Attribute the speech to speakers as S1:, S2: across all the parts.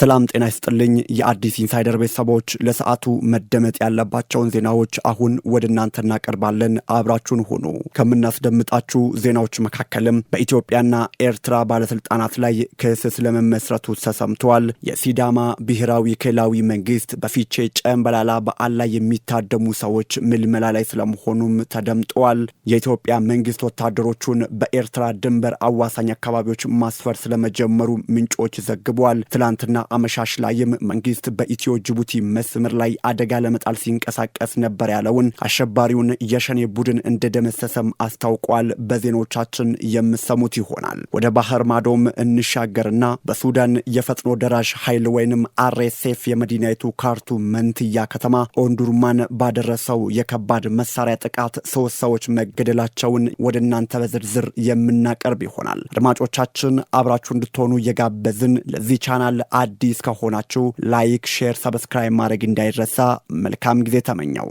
S1: ሰላም ጤና ይስጥልኝ። የአዲስ ኢንሳይደር ቤተሰቦች ለሰዓቱ መደመጥ ያለባቸውን ዜናዎች አሁን ወደ እናንተ እናቀርባለን። አብራችሁን ሁኑ። ከምናስደምጣችሁ ዜናዎች መካከልም በኢትዮጵያና ኤርትራ ባለስልጣናት ላይ ክስ ስለመመስረቱ ተሰምተዋል። የሲዳማ ብሔራዊ ክልላዊ መንግስት በፊቼ ጨምበላላ በዓል ላይ የሚታደሙ ሰዎች ምልመላ ላይ ስለመሆኑም ተደምጠዋል። የኢትዮጵያ መንግስት ወታደሮቹን በኤርትራ ድንበር አዋሳኝ አካባቢዎች ማስፈር ስለመጀመሩ ምንጮች ዘግቧል። ትላንትና አመሻሽ ላይም መንግስት በኢትዮ ጅቡቲ መስመር ላይ አደጋ ለመጣል ሲንቀሳቀስ ነበር ያለውን አሸባሪውን የሸኔ ቡድን እንደደመሰሰም አስታውቋል። በዜናዎቻችን የምሰሙት ይሆናል። ወደ ባህር ማዶም እንሻገርና በሱዳን የፈጥኖ ደራሽ ኃይል ወይንም አርኤስኤፍ የመዲናይቱ ካርቱም መንትያ ከተማ ኦንዱርማን ባደረሰው የከባድ መሳሪያ ጥቃት ሶስት ሰዎች መገደላቸውን ወደ እናንተ በዝርዝር የምናቀርብ ይሆናል። አድማጮቻችን አብራችሁ እንድትሆኑ የጋበዝን ለዚህ ቻናል አዲስ ከሆናችሁ ላይክ፣ ሼር፣ ሰብስክራይብ ማድረግ እንዳይረሳ። መልካም ጊዜ ተመኘው።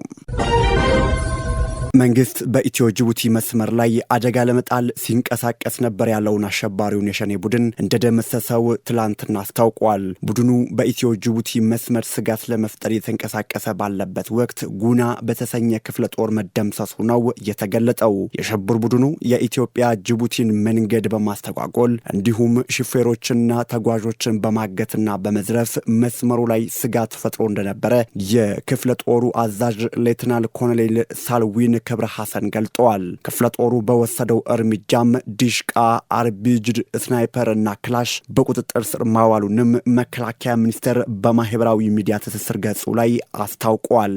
S1: መንግስት በኢትዮ ጅቡቲ መስመር ላይ አደጋ ለመጣል ሲንቀሳቀስ ነበር ያለውን አሸባሪውን የሸኔ ቡድን እንደደመሰሰው ትላንትና አስታውቋል። ቡድኑ በኢትዮ ጅቡቲ መስመር ስጋት ለመፍጠር የተንቀሳቀሰ ባለበት ወቅት ጉና በተሰኘ ክፍለ ጦር መደምሰሱ ነው የተገለጠው። የሽብር ቡድኑ የኢትዮጵያ ጅቡቲን መንገድ በማስተጓጎል እንዲሁም ሹፌሮችና ተጓዦችን በማገትና በመዝረፍ መስመሩ ላይ ስጋት ፈጥሮ እንደነበረ የክፍለ ጦሩ አዛዥ ሌትናል ኮሎኔል ሳልዊን ክብረ ሐሰን ገልጠዋል። ክፍለ ጦሩ በወሰደው እርምጃም ዲሽቃ፣ አርቢጅድ፣ ስናይፐር እና ክላሽ በቁጥጥር ስር ማዋሉንም መከላከያ ሚኒስቴር በማህበራዊ ሚዲያ ትስስር ገጹ ላይ አስታውቋል።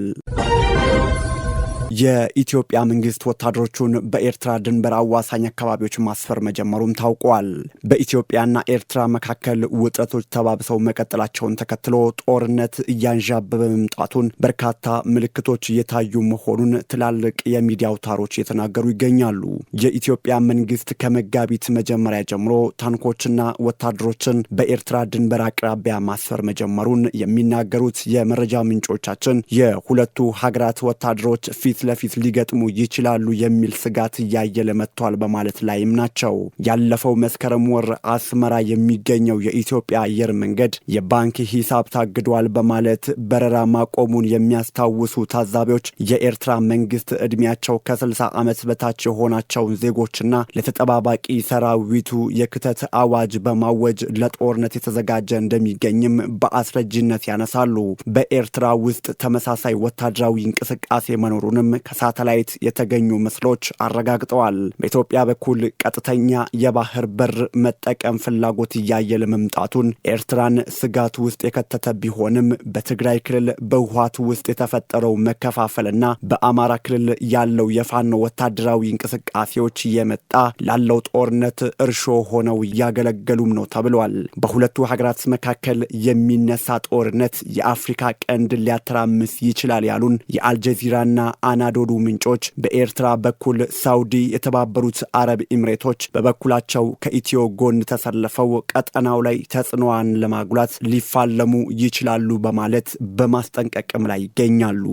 S1: የኢትዮጵያ መንግስት ወታደሮቹን በኤርትራ ድንበር አዋሳኝ አካባቢዎች ማስፈር መጀመሩም ታውቋል። በኢትዮጵያና ኤርትራ መካከል ውጥረቶች ተባብሰው መቀጠላቸውን ተከትሎ ጦርነት እያንዣበበ መምጣቱን በርካታ ምልክቶች እየታዩ መሆኑን ትላልቅ የሚዲያ አውታሮች እየተናገሩ ይገኛሉ። የኢትዮጵያ መንግስት ከመጋቢት መጀመሪያ ጀምሮ ታንኮችና ወታደሮችን በኤርትራ ድንበር አቅራቢያ ማስፈር መጀመሩን የሚናገሩት የመረጃ ምንጮቻችን የሁለቱ ሀገራት ወታደሮች ፊት ፊት ለፊት ሊገጥሙ ይችላሉ የሚል ስጋት እያየለ መጥቷል በማለት ላይም ናቸው። ያለፈው መስከረም ወር አስመራ የሚገኘው የኢትዮጵያ አየር መንገድ የባንክ ሂሳብ ታግዷል በማለት በረራ ማቆሙን የሚያስታውሱ ታዛቢዎች የኤርትራ መንግስት እድሜያቸው ከ60 ዓመት በታች የሆናቸውን ዜጎችና ለተጠባባቂ ሰራዊቱ የክተት አዋጅ በማወጅ ለጦርነት የተዘጋጀ እንደሚገኝም በአስረጅነት ያነሳሉ። በኤርትራ ውስጥ ተመሳሳይ ወታደራዊ እንቅስቃሴ መኖሩንም መሆኑንም ከሳተላይት የተገኙ ምስሎች አረጋግጠዋል። በኢትዮጵያ በኩል ቀጥተኛ የባህር በር መጠቀም ፍላጎት እያየ መምጣቱን ኤርትራን ስጋት ውስጥ የከተተ ቢሆንም በትግራይ ክልል በውሃት ውስጥ የተፈጠረው መከፋፈልና በአማራ ክልል ያለው የፋኖ ወታደራዊ እንቅስቃሴዎች እየመጣ ላለው ጦርነት እርሾ ሆነው እያገለገሉም ነው ተብሏል። በሁለቱ ሀገራት መካከል የሚነሳ ጦርነት የአፍሪካ ቀንድ ሊያተራምስ ይችላል ያሉን የአልጀዚራና የአናዶሉ ምንጮች በኤርትራ በኩል ሳውዲ፣ የተባበሩት አረብ ኢሚሬቶች በበኩላቸው ከኢትዮ ጎን ተሰልፈው ቀጠናው ላይ ተጽዕኖዋን ለማጉላት ሊፋለሙ ይችላሉ በማለት በማስጠንቀቅም ላይ ይገኛሉ።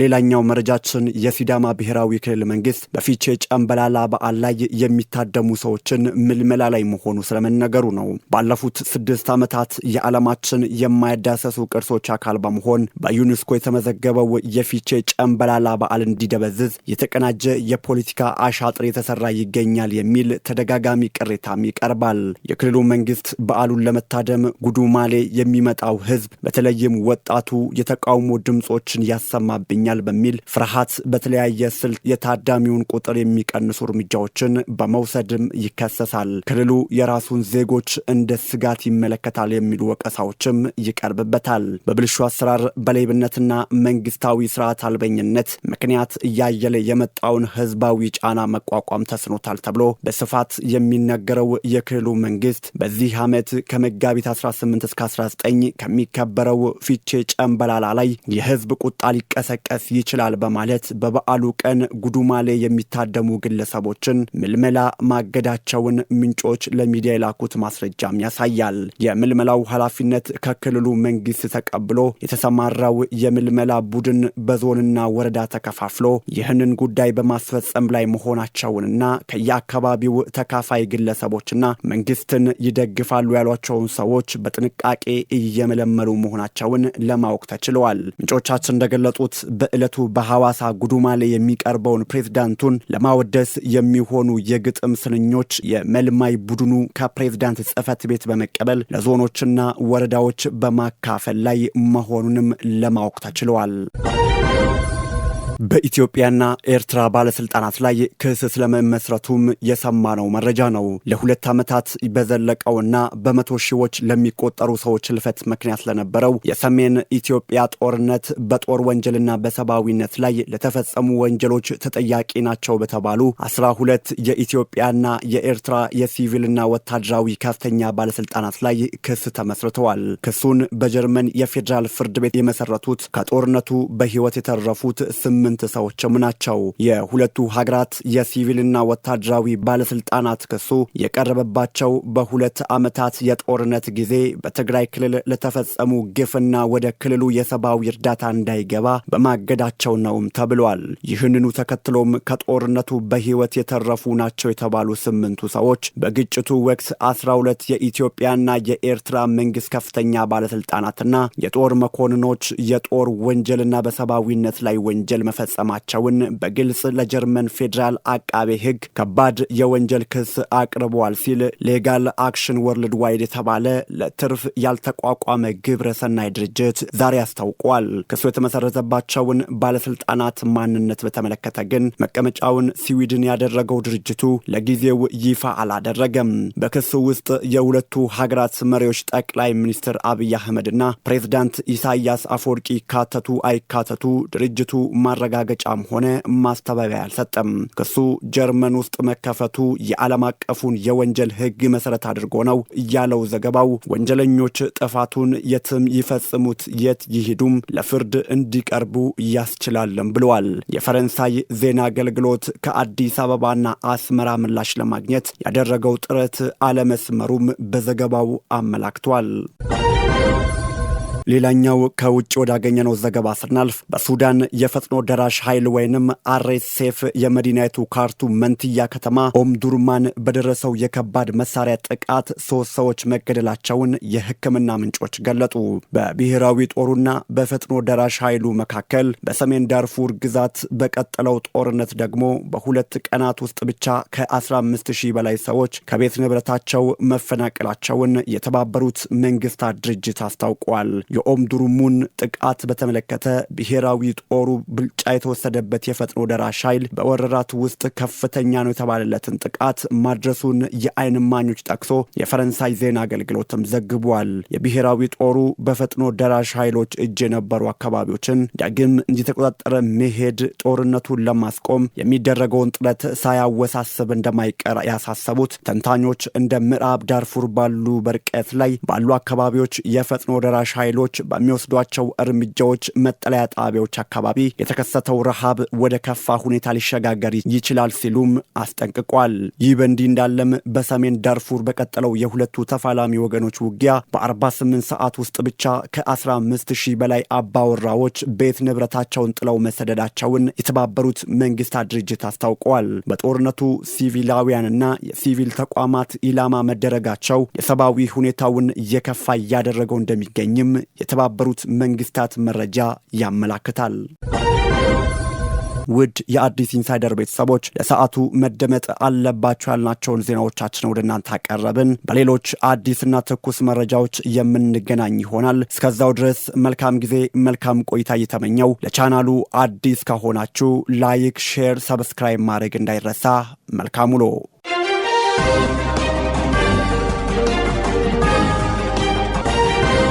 S1: ሌላኛው መረጃችን የሲዳማ ብሔራዊ ክልል መንግስት በፊቼ ጨምበላላ በዓል ላይ የሚታደሙ ሰዎችን ምልመላ ላይ መሆኑ ስለመነገሩ ነው። ባለፉት ስድስት ዓመታት የዓለማችን የማይዳሰሱ ቅርሶች አካል በመሆን በዩኔስኮ የተመዘገበው የፊቼ ጨምበላላ በዓል እንዲደበዝዝ የተቀናጀ የፖለቲካ አሻጥር የተሰራ ይገኛል የሚል ተደጋጋሚ ቅሬታም ይቀርባል። የክልሉ መንግስት በዓሉን ለመታደም ጉዱማሌ የሚመጣው ህዝብ በተለይም ወጣቱ የተቃውሞ ድምፆችን ያሰማብኝ ይገኛል በሚል ፍርሃት በተለያየ ስልት የታዳሚውን ቁጥር የሚቀንሱ እርምጃዎችን በመውሰድም ይከሰሳል። ክልሉ የራሱን ዜጎች እንደ ስጋት ይመለከታል የሚሉ ወቀሳዎችም ይቀርብበታል። በብልሹ አሰራር በሌብነትና መንግስታዊ ስርዓት አልበኝነት ምክንያት እያየለ የመጣውን ህዝባዊ ጫና መቋቋም ተስኖታል ተብሎ በስፋት የሚነገረው የክልሉ መንግስት በዚህ ዓመት ከመጋቢት 18 እስከ 19 ከሚከበረው ፊቼ ጨምበላላ ላይ የህዝብ ቁጣ ሊቀሰቀ ሊቀሰቀስ ይችላል በማለት በበዓሉ ቀን ጉዱማሌ የሚታደሙ ግለሰቦችን ምልመላ ማገዳቸውን ምንጮች ለሚዲያ የላኩት ማስረጃም ያሳያል። የምልመላው ኃላፊነት ከክልሉ መንግስት ተቀብሎ የተሰማራው የምልመላ ቡድን በዞንና ወረዳ ተከፋፍሎ ይህንን ጉዳይ በማስፈጸም ላይ መሆናቸውንና ከየአካባቢው ተካፋይ ግለሰቦችና መንግስትን ይደግፋሉ ያሏቸውን ሰዎች በጥንቃቄ እየመለመሉ መሆናቸውን ለማወቅ ተችለዋል። ምንጮቻችን እንደገለጹት በዕለቱ በሐዋሳ ጉዱማሌ የሚቀርበውን ፕሬዝዳንቱን ለማወደስ የሚሆኑ የግጥም ስንኞች የመልማይ ቡድኑ ከፕሬዝዳንት ጽፈት ቤት በመቀበል ለዞኖችና ወረዳዎች በማካፈል ላይ መሆኑንም ለማወቅ ተችለዋል። በኢትዮጵያና ኤርትራ ባለስልጣናት ላይ ክስ ስለመመስረቱም የሰማነው መረጃ ነው። ለሁለት ዓመታት በዘለቀውና በመቶ ሺዎች ለሚቆጠሩ ሰዎች ህልፈት ምክንያት ለነበረው የሰሜን ኢትዮጵያ ጦርነት በጦር ወንጀልና በሰብአዊነት ላይ ለተፈጸሙ ወንጀሎች ተጠያቂ ናቸው በተባሉ አስራ ሁለት የኢትዮጵያና የኤርትራ የሲቪልና ወታደራዊ ከፍተኛ ባለስልጣናት ላይ ክስ ተመስርተዋል። ክሱን በጀርመን የፌዴራል ፍርድ ቤት የመሰረቱት ከጦርነቱ በህይወት የተረፉት ስም ስምንት ሰዎችም ናቸው። የሁለቱ ሀገራት የሲቪልና ወታደራዊ ባለስልጣናት ክሱ የቀረበባቸው በሁለት ዓመታት የጦርነት ጊዜ በትግራይ ክልል ለተፈጸሙ ግፍና ወደ ክልሉ የሰብአዊ እርዳታ እንዳይገባ በማገዳቸው ነውም ተብሏል። ይህንኑ ተከትሎም ከጦርነቱ በህይወት የተረፉ ናቸው የተባሉ ስምንቱ ሰዎች በግጭቱ ወቅት 12 የኢትዮጵያና የኤርትራ መንግስት ከፍተኛ ባለስልጣናትና የጦር መኮንኖች የጦር ወንጀልና በሰብአዊነት ላይ ወንጀል መፈጸማቸውን በግልጽ ለጀርመን ፌዴራል አቃቤ ሕግ ከባድ የወንጀል ክስ አቅርበዋል ሲል ሌጋል አክሽን ወርልድ ዋይድ የተባለ ለትርፍ ያልተቋቋመ ግብረ ሰናይ ድርጅት ዛሬ አስታውቋል። ክሱ የተመሰረተባቸውን ባለስልጣናት ማንነት በተመለከተ ግን መቀመጫውን ስዊድን ያደረገው ድርጅቱ ለጊዜው ይፋ አላደረገም። በክሱ ውስጥ የሁለቱ ሀገራት መሪዎች ጠቅላይ ሚኒስትር አብይ አህመድና ፕሬዚዳንት ኢሳያስ አፈወርቂ ካተቱ አይካተቱ ድርጅቱ ማ ማረጋገጫም ሆነ ማስተባበያ አልሰጠም። ክሱ ጀርመን ውስጥ መከፈቱ የዓለም አቀፉን የወንጀል ሕግ መሰረት አድርጎ ነው ያለው ዘገባው፣ ወንጀለኞች ጥፋቱን የትም ይፈጽሙት የት ይሂዱም ለፍርድ እንዲቀርቡ ያስችላልም ብለዋል። የፈረንሳይ ዜና አገልግሎት ከአዲስ አበባና አስመራ ምላሽ ለማግኘት ያደረገው ጥረት አለመስመሩም በዘገባው አመላክቷል። ሌላኛው ከውጭ ወዳገኘነው ዘገባ ስናልፍ በሱዳን የፈጥኖ ደራሽ ኃይል ወይንም አርኤስኤፍ የመዲናይቱ ካርቱም መንትያ ከተማ ኦምዱርማን በደረሰው የከባድ መሳሪያ ጥቃት ሶስት ሰዎች መገደላቸውን የሕክምና ምንጮች ገለጡ። በብሔራዊ ጦሩና በፈጥኖ ደራሽ ኃይሉ መካከል በሰሜን ዳርፉር ግዛት በቀጠለው ጦርነት ደግሞ በሁለት ቀናት ውስጥ ብቻ ከ15 ሺህ በላይ ሰዎች ከቤት ንብረታቸው መፈናቀላቸውን የተባበሩት መንግስታት ድርጅት አስታውቋል። የኦምዱሩሙን ጥቃት በተመለከተ ብሔራዊ ጦሩ ብልጫ የተወሰደበት የፈጥኖ ደራሽ ኃይል በወረራት ውስጥ ከፍተኛ ነው የተባለለትን ጥቃት ማድረሱን የአይን ማኞች ጠቅሶ የፈረንሳይ ዜና አገልግሎትም ዘግቧል። የብሔራዊ ጦሩ በፈጥኖ ደራሽ ኃይሎች እጅ የነበሩ አካባቢዎችን ዳግም እንዲተቆጣጠረ መሄድ ጦርነቱን ለማስቆም የሚደረገውን ጥረት ሳያወሳስብ እንደማይቀር ያሳሰቡት ተንታኞች እንደ ምዕራብ ዳርፉር ባሉ በርቀት ላይ ባሉ አካባቢዎች የፈጥኖ ደራሽ ኃይሎች ሰዎች በሚወስዷቸው እርምጃዎች መጠለያ ጣቢያዎች አካባቢ የተከሰተው ረሃብ ወደ ከፋ ሁኔታ ሊሸጋገር ይችላል ሲሉም አስጠንቅቋል። ይህ በእንዲህ እንዳለም በሰሜን ዳርፉር በቀጠለው የሁለቱ ተፋላሚ ወገኖች ውጊያ በ48 ሰዓት ውስጥ ብቻ ከ15 ሺህ በላይ አባወራዎች ቤት ንብረታቸውን ጥለው መሰደዳቸውን የተባበሩት መንግስታት ድርጅት አስታውቋል። በጦርነቱ ሲቪላውያንና የሲቪል ተቋማት ኢላማ መደረጋቸው የሰብአዊ ሁኔታውን የከፋ እያደረገው እንደሚገኝም የተባበሩት መንግስታት መረጃ ያመላክታል። ውድ የአዲስ ኢንሳይደር ቤተሰቦች ለሰዓቱ መደመጥ አለባቸው ያልናቸውን ዜናዎቻችን ወደ እናንተ አቀረብን። በሌሎች አዲስና ትኩስ መረጃዎች የምንገናኝ ይሆናል። እስከዛው ድረስ መልካም ጊዜ፣ መልካም ቆይታ እየተመኘው ለቻናሉ አዲስ ከሆናችሁ ላይክ፣ ሼር፣ ሰብስክራይብ ማድረግ እንዳይረሳ። መልካም ውሎ